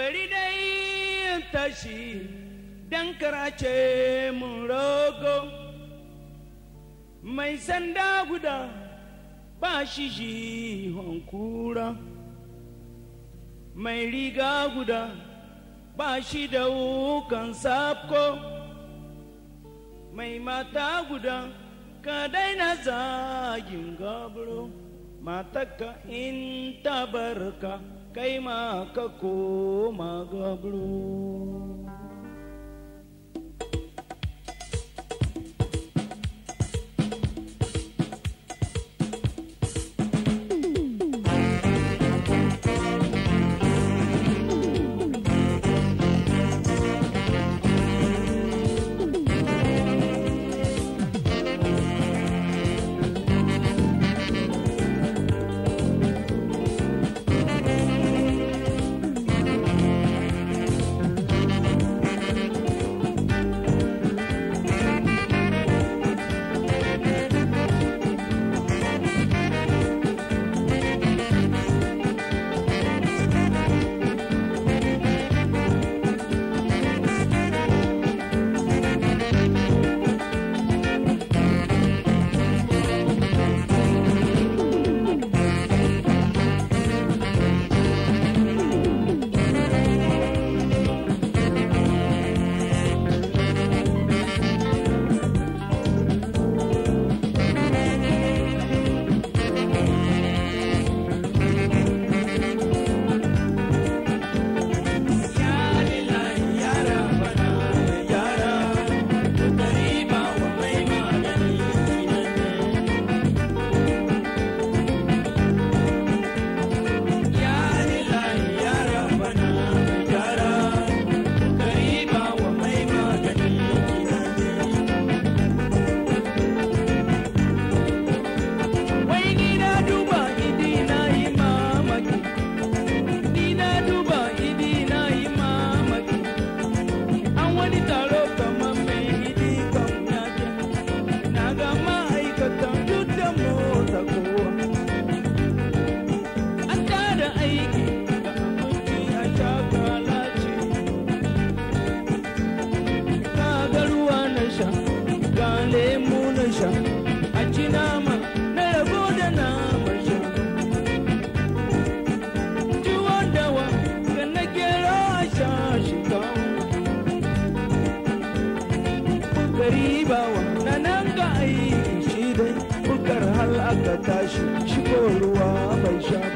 bari dai tashi dan karace mun rogo mai sanda guda ba shi jihon kura mai riga guda ba shi da wukan sabko mai mata guda ka daina zagin gabro matakka in tabarka કઈમાં કકો માં ગબડું sha a nama na rago da namar sha tuwo dawa da na gero a sha shi gari wa na nan ga aiki shi dai bukar hal tashi shigo ruwa bai sha